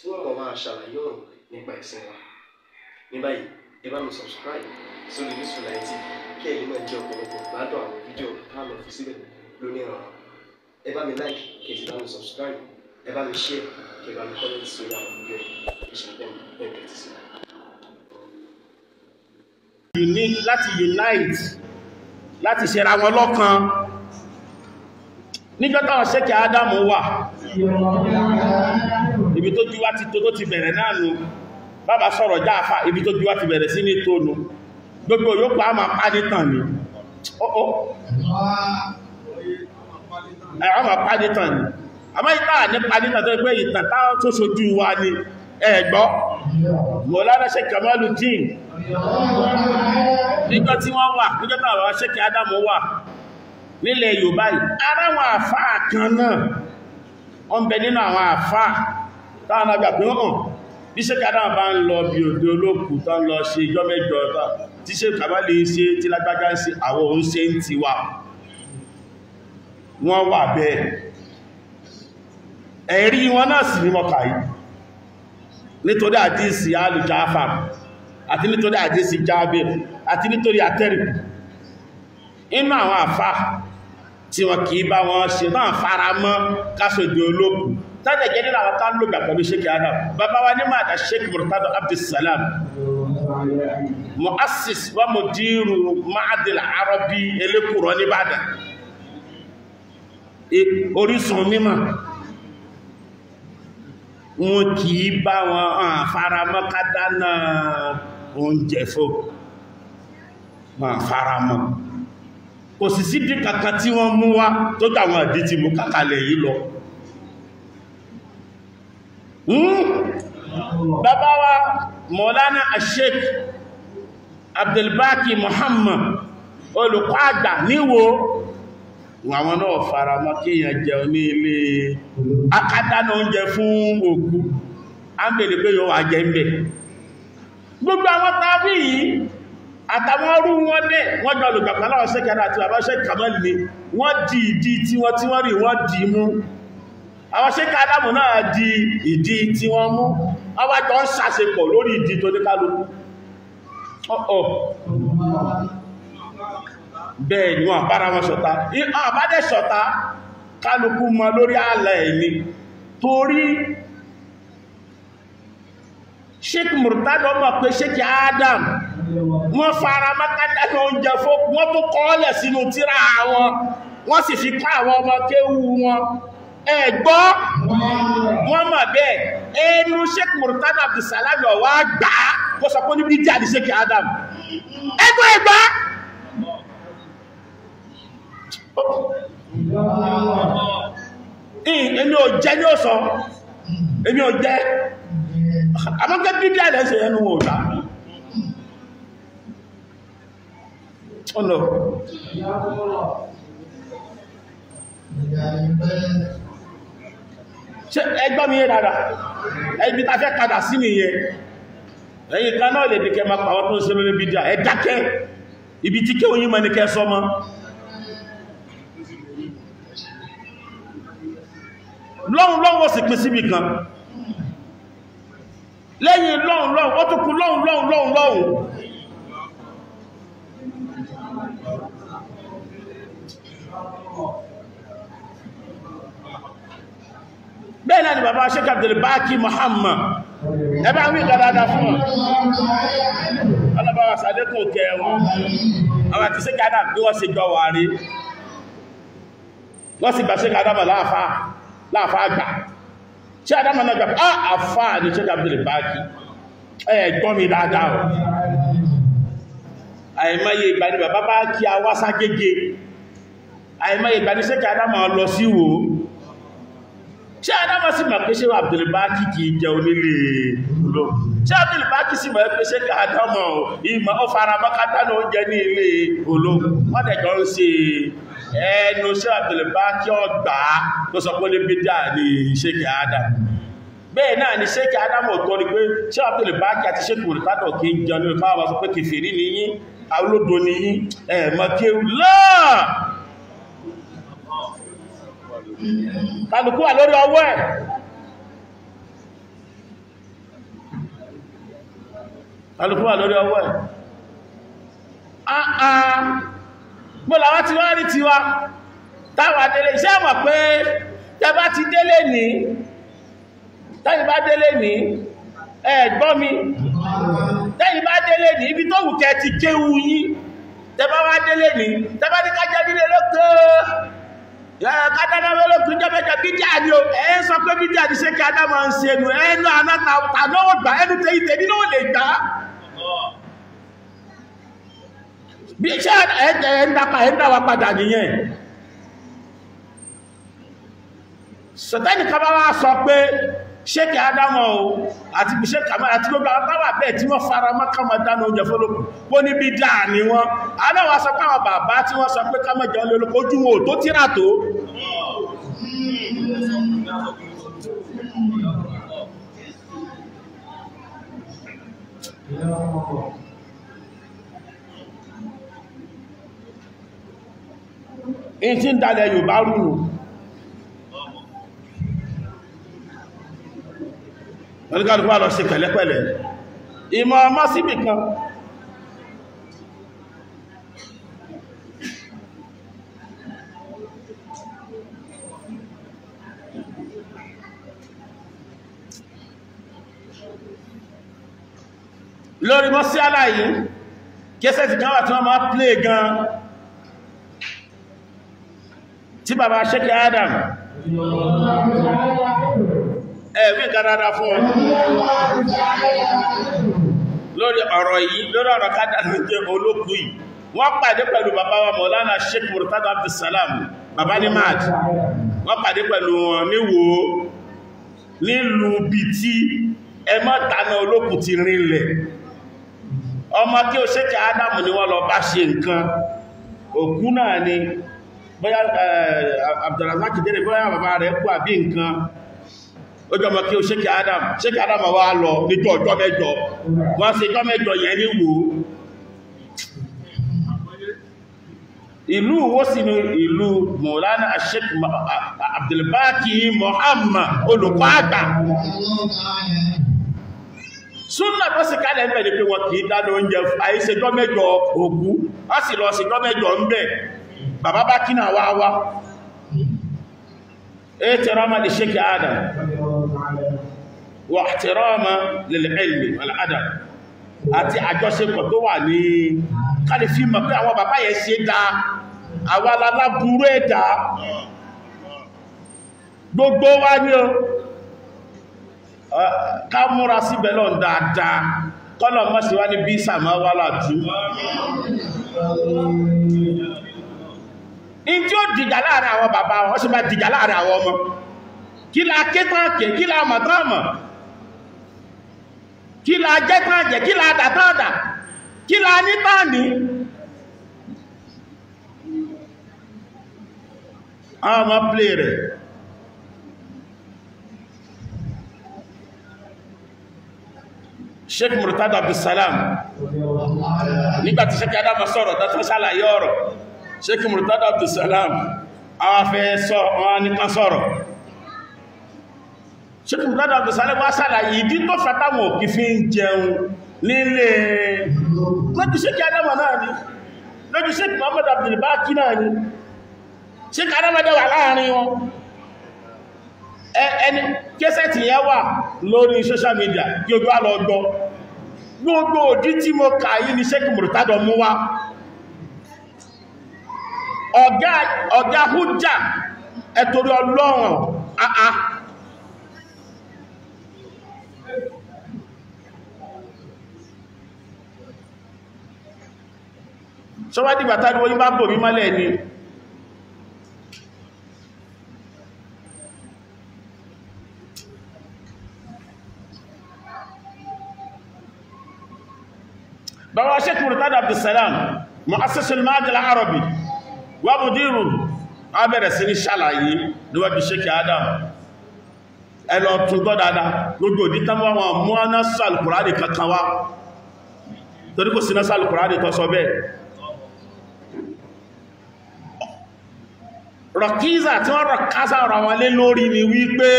tí wọ́n mọ̀ máa ṣàlàyé ọ̀rọ̀ nípa ẹ̀sìn wa ní báyìí ẹ bá mi subscribe sórí Yusufullahi TV kí ẹ̀yin náà jẹ́ ọ̀pọ̀lọpọ̀ gbádùn àwọn fídíò tá a lọ fi síbẹ̀ lónìí ọ̀rọ̀ ẹ bá mi like kí ẹ sì bá mi subscribe ẹ bá mi share kí ẹ bá mi comment sórí àwọn fídíò ìṣẹ̀lẹ̀ ẹ̀ẹ́dẹ̀ ti you need láti unite láti ṣera wọn lọ́kan níjọ́ táwọn Ádámù wà ibi tó juwá ti tó tó ti bẹ̀rẹ̀ náà nù bàbá sọ̀rọ̀ jáfà ibi tó juwá ti bẹ̀rẹ̀ sí ní tónù gbogbo yóò pa àmà pádìtàn ni ọ̀ọ́ àmà pádìtàn ni àmà ìta ní pádìtàn tó pé ìtàn táwọn tó ṣojú wa ni ẹ̀gbọ́ Mọ̀lánà Sheikh Kamaluddin nígbà tí wọ́n wà nígbà tí àwọn Sheikh Adamu wà nílẹ̀ Yorùbá yìí ara àwọn àfáà kan náà wọ́n bẹ nínú àwọn àfáà táwọn àgbà pé wọ́n bí ṣe kàdá bá ń lọ bí òde olóòkú tó ń lọ ṣe ìjọ mẹ́jọ tí ṣe kàbá lè ṣe tí lágbájá ń ṣe àwọn òun ṣe ń ti wà wọ́n wà bẹ́ẹ̀ ẹ̀rí wọn náà sì ní mọ́kà yìí nítorí àdísì alùjáfà àti nítorí àdísì jábẹ̀ àti nítorí àtẹ́rì inú àwọn àfá tí wọn kìí bá wọn ṣe náà fara mọ́ káṣòdì olóòkú tánà jẹ́ nínú àwọn tán lògbà pẹ̀lú sheikh adam bàbá wa ní máa dá sheikh murtado abdulsalam muassis wa mudiru ma'adil arabi elekuro nìbàdàn e, orísun mímọ̀ wọn kì í bá wọn àfaramọ́ kádánà oúnjẹ fún wọn àfaramọ́ kò sì sídìí kankan tí wọ́n mú wá tó dáwọn àdí ti mú kákalẹ̀ yìí lọ Hmm? bàbá wa mọ̀lánà Sheikh abdelbaki Muhammad olùkọ́ àgbà níwò àwọn náà fara mọ́ kíyàn jẹun ní ilé akádánà oúnjẹ fún òkú ámbèlè pé yóò wà jẹ ń bẹ̀ gbogbo àwọn tàbí yìí àtàwọn ọrú wọn dẹ̀ wọ́n jọ olùgbàpá láwọn sẹ́kẹ̀rẹ́ àti bàbá sẹ́kẹ̀rẹ́ wọ́n dìídí tí wọ́n tí wọ́n rí wọ́n dìí mú àwọn ṣe kádàmù náà di ìdí tí wọ́n mú àwọn àjọ ń sàṣepọ̀ lórí ìdí tó ní kálukú ọ̀ọ̀ bẹ́ẹ̀ ni wọ́n bára wọn ṣọ̀tá àbádẹ́ ṣọ̀tá kálukú mọ lórí ààlà ẹ̀mí torí sheik murtado mọ̀ pé sheik adam wọ́n fara mákàtà ní oúnjẹ fún wọ́n tó kọ́ọ́lẹ̀ sínú tíra wọn wọ́n sì fi ká àwọn ọmọ kéwú wọn ẹ̀gbọ́ wọ́n mà bẹ́ẹ̀ ẹnu sheik murtada abdulsalam ọ̀wá gbà á kó sọ pé níbi díà ní sheik adam ẹgbọ́ ẹgbọ́ èmi ò jẹ́ ní òsọ èmi ò jẹ́ àmọ́gbẹ́ bídí àlẹ́sẹ̀ ẹnu wò dá ọ̀nà ṣe ẹgbọ́ mi yẹn dára ẹbí ta fẹ́ padà sí nìyẹn ẹ̀yìn ká náà lè dìkẹ́ máa pàwọ́ tó ń ṣe lórí bídíà ẹ dákẹ́ ibi tí kéwòn yìí mọ́ ní kẹ́ sọ́mọ́ lọ́hùn lọ́hùn ó sì pín síbì kan lẹ́yìn lọ́hùn lọ́hùn ó tún kú lọ́hùn bẹ́ẹ̀ náà ni bàbá Sheikh Abdulbaki Muhammad ẹbá wí ìgbàdàdà fún wọn ọlọ́bàá sàdékùn kẹ wọn àwọn àti Sheikh Adam bí wọ́n sì jọ wà rí wọ́n sì gbà Sheikh Adam láàfá àgbà Sheikh Adam náà gbà á àfá ní Sheikh Abdulbaki ẹ̀ gbọ́ mi dáadáa o àìmọye ìgbà ni bàbá bá ṣé adáma sì máa pé ṣé Abdulbaki kì í jẹ onílé olóòrùn ṣé Abdulbaki sì máa pé ṣé káàdámọ̀ ìmọ̀ ó fara mọ́kátá ló ń jẹ ní ilé olóòrùn wọ́n dẹ̀jọ́ ń ṣe ẹnu ṣé Abdulbaki ọgbà tó sọ pé ó lé bídà ní ṣé káàdámọ̀ bẹ́ẹ̀ náà ni ṣé káàdámọ̀ tó ni pé ṣé Abdulbaki àti ṣé kò rìkádọ̀ kì í jẹun ní káwọn bá sọ pé kìfèrí ni yín olódo ni yín ẹ̀ẹ̀mọ́ kéwù láà kálukú wà lórí ọwọ́ ẹ̀ kálukú wà lórí ọwọ́ ẹ̀ àà gbọ́lá wá ti wá rí tiwa táwà délé iṣẹ́ àmọ̀ pé tẹbá ti délé ní tẹ́yìn bá délé ní ẹ̀gbọ́n mi tẹ́yìn bá délé ní ibi tó wù kẹ́ ti kéwu yín tẹbá wá délé ní tẹbá ní ká jẹ́ nílé lókèé kádàdáwé ló kún jẹ́bẹ̀jẹ́ bídíà ni o ẹ sọ pé bídíà ti ṣe kí adáma ń ṣe nu ẹnu anáta tànáwó gbà ẹnu tẹ̀yìn tẹ̀mí náà lè gbà á. bí iṣẹ́ ẹ̀ ń dapa ẹ̀ ń dáwà padà nìyẹn. sọ̀tẹ́nì kan sọ pé ṣékì adámọ̀ o àti ṣékì àmọ́ àti gbogbo àbábà bẹ́ẹ̀ tí wọ́n fara mọ́ kọ́mọ dáná oúnjẹ fọ́lọ́pù wọ́n níbi dáa ni wọ́n aláwọ̀ sọ pé àwọn bàbá tí wọ́n sọ pé kọ́mọ jẹun lórí ojú wọn ò tó tíra tó in ti ń dalẹ̀ Yorùbá rúrù oníkàlùkù wà lọ ṣe pẹ̀lẹ́pẹ̀lẹ́ ìmọ̀ ọmọ síbì kan lórí mọ́ sí aláyé kéṣẹ́ ti kan wà tí wọ́n máa plé gan tí bàbá ṣẹ́kẹ̀ Adam ẹ̀mí nǹkan dáadáa fún wọn lórí ọ̀rọ̀ yìí lórí ọ̀rọ̀ kádàrá jẹ́ olókùn yìí wọ́n pàdé pẹ̀lú bàbá wa mọ̀lánà Sheikh Murtada Abdulsalam bàbá ní mad wọ́n pàdé pẹ̀lú wọn níwò nílùú bí tí ẹmọ́ tàná olókùn ti rinlẹ̀ ọmọ kí o Sheikh Ádámù ni wọ́n lọ bá ṣe nǹkan òkú náà ni bóyá Abdulrazak jẹ́rẹ̀ bóyá bàbá rẹ̀ kú àbí nǹkan ojú ọmọ kí o ṣékì adam ṣékì adam wá lọ níjọ ọjọ́ mẹ́jọ wọ́n sì jọ mẹ́jọ yẹn ní wò ìlú wo sì ni ìlú mọ̀lánà Sheikh Abdulbaki Muhammad olùkọ́ àgbà súnà tó sì kálẹ̀ ń bẹ̀ ní pé wọ́n kìí dáná oúnjẹ àìṣẹjọ́ mẹ́jọ òkú a sì lọ ṣẹjọ́ mẹ́jọ ń bẹ̀ bàbá bá kí náà wá wá ètè rámàdì Sheikh Adam wà àtìrọ́ọ̀mọ́ lèlẹ̀ẹ́lì aládà àti àjọṣepọ̀ tó wà ní kálífì mọ̀ pé àwọn bàbá yẹn ṣe dá àwa lalábúrú ẹ̀dá gbogbo wa ní o ká múra síbẹ̀ lọ́n dáadáa kọ́lọ̀ mọ́ sí wá ní bí sàmọ́ wà lájú in tí ó dìjà láàrin àwọn bàbá wọn ó sì máa dìjà láàrin àwọn ọmọ kí la ké tán ké kí la mọ̀ tán mọ̀ kí la jẹ́ tán jẹ́ kí la dà tán dà kí la ní tán ní ọmọ plé rẹ̀ sheikh murtada abdulsalam nígbàtí sheikh adama sọ̀rọ̀ tàbí sálàyé ọ̀rọ̀ sheikh murtada abdulsalam a fẹ́ sọ wọn nípa sọ̀rọ̀ ṣékùn lọ́dọ̀ abdùsálẹ̀ wá sàlàyé ìdí tó fàtàmù kì fi ń jẹun nílé lójúṣékì adama náà ni lójúṣékì Muhammad abdulbaki náà ni ṣékì adama dẹ̀wà láàrin wọn ẹni kẹsẹ̀tì yẹn wà lórí social media kí ojú àlọ́ gbọ́ gbogbo òdí tí mo kà yí ni ṣékì mùrùtádọ̀ mú wá ọ̀gá hujja ẹ̀tọ́rí ọlọ́run àà ṣọ́wádìí bàtàrí wọ́n yí bá bò mí mọ́lẹ̀ ni bàbá sheik murtad abdulsalam mu'assasul ma'had al-arabi wa mudiru abẹ̀rẹ̀ sí ní ṣàlàyé níwájú sheik adam ẹlọ tún gbọ́ dáadáa lójú òdí tán wọ́n rọ̀kíza tí wọ́n rọ̀kásá ọ̀rọ̀ wọn lé lórí ni wípé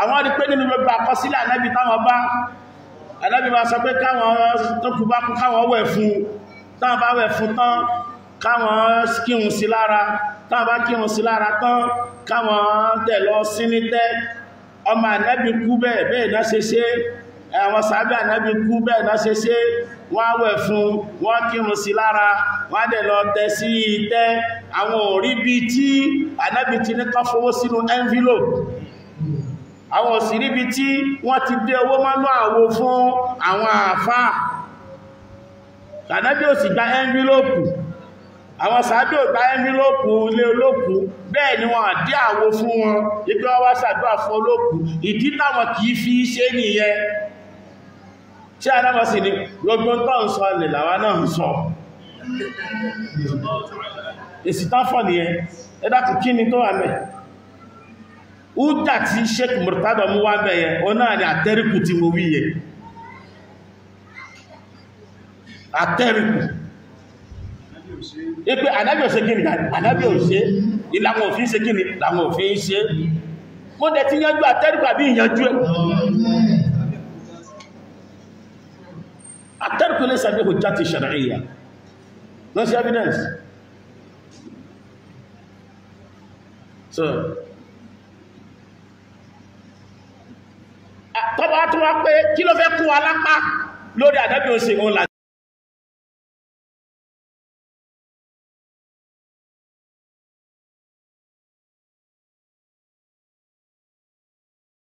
àwọn rí pé nínú gbogbo àkọsílẹ̀ ànábì táwọn bá ànábì bá sọ pé káwọn tó kú bá kú káwọn wẹ̀ fún táwọn bá wẹ̀ fún tán káwọn kírun sí lára táwọn bá kírun sí lára tán káwọn tẹ̀ lọ sí ní tẹ́ ọmọ ànábì kú bẹ́ẹ̀ bẹ́ẹ̀ náà ṣe ṣe àwọn sábẹ́ ànábì kú bẹ́ẹ̀ náà ṣe ṣe wọ́n wẹ̀ fún wọ́n kírun sí lára wọ́n dẹ̀ lọ tẹ́ sí ìtẹ́ àwọn òrí bí tí ànábì ti ní kán fowó sínú envelope àwọn òsìrí bí tí wọ́n ti dé owó mọ́nú àwo fún àwọn àfáà ànábì ò sì gba envelope àwọn sàábé ògbà ẹnvilópù ilé olóòkú bẹ́ẹ̀ ni wọ́n àdí àwo fún wọn ipé wọ́n wá ṣàdúrà fún olóòkú ìdí táwọn kìí fi ṣe nìyẹn ṣe àdábọ̀ sí ni gbogbo tó ń sọ lè làwá náà ń sọ èsì táfọ́ ni ẹ ẹ́dàkù kí ni tó wà mẹ́ údà tí Sheikh Murtada mú wá mẹ́yẹ o náà ni àtẹ́rìkù tí mo wíyẹ àtẹ́rìkù ipé ànábì ò ṣe kí ni ànábì ò ṣe ìlànà òfin ṣe kí ni làwọn òfin ṣe mo dẹ̀ ti yanjú àtẹ́rìkù àbí ìyanjú ẹ̀ الترك ليس بحجة شرعية no see evidence so tọ́bá tó wá pé kí ló fẹ́ kú alápá lórí àdábí òsè òun là